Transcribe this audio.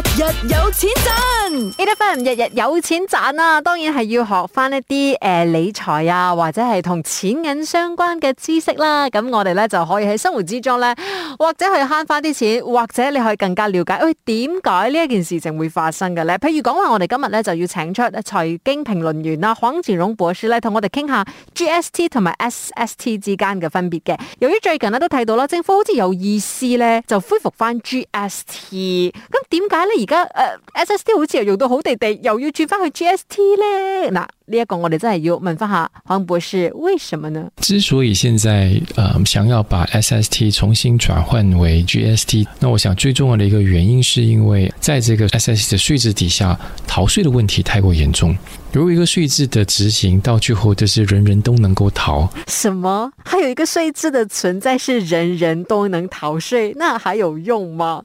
日有錢賺，A. T. F. 人日日有錢賺啊！當然係要學翻一啲誒、呃、理財啊，或者係同錢銀相關嘅知識啦。咁我哋咧就可以喺生活之中咧，或者去慳翻啲錢，或者你可以更加了解，誒點解呢一件事情會發生嘅咧？譬如講話，我哋今日咧就要請出財經評論員啦，黃錦榮博士咧同我哋傾下 G. S. T. 同埋 S. S. T. 之間嘅分別嘅。由於最近咧都睇到啦，政府好似有意思咧，就恢復翻 G. S. T. 咁點解？咁而家誒，S S T 好似有用到好哋哋，又要轉翻去 G S T 咧。嗱，呢一個我哋真係要問翻下黃博士，為什麼呢？之所以現在、呃、想要把 S S T 重新轉換為 G S T，那我想最重要的一個原因，是因為在這個 S S T 的稅制底下逃稅的問題太過嚴重。如果一個稅制的執行到最後就是人人都能夠逃，什麼？還有一個稅制的存在是人人都能逃稅，那還有用嗎？